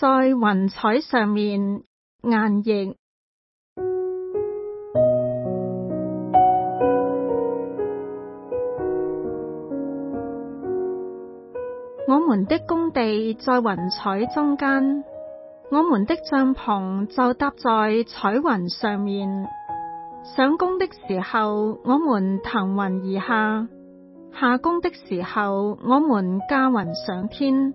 在雲彩上面，雁翼。我們的工地在雲彩中間，我們的帳篷就搭在彩雲上面。上工的時候，我們騰雲而下；下工的時候，我們駕雲上天。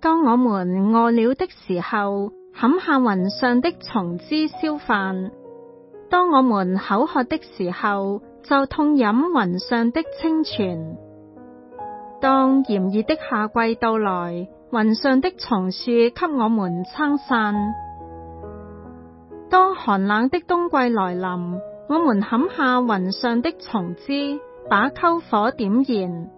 當我們餓了的時候，砍下雲上的松枝燒飯；當我們口渴的時候，就痛飲雲上的清泉。當炎熱的夏季到來，雲上的松樹給我們撐傘；當寒冷的冬季來臨，我們砍下雲上的松枝，把篝火點燃。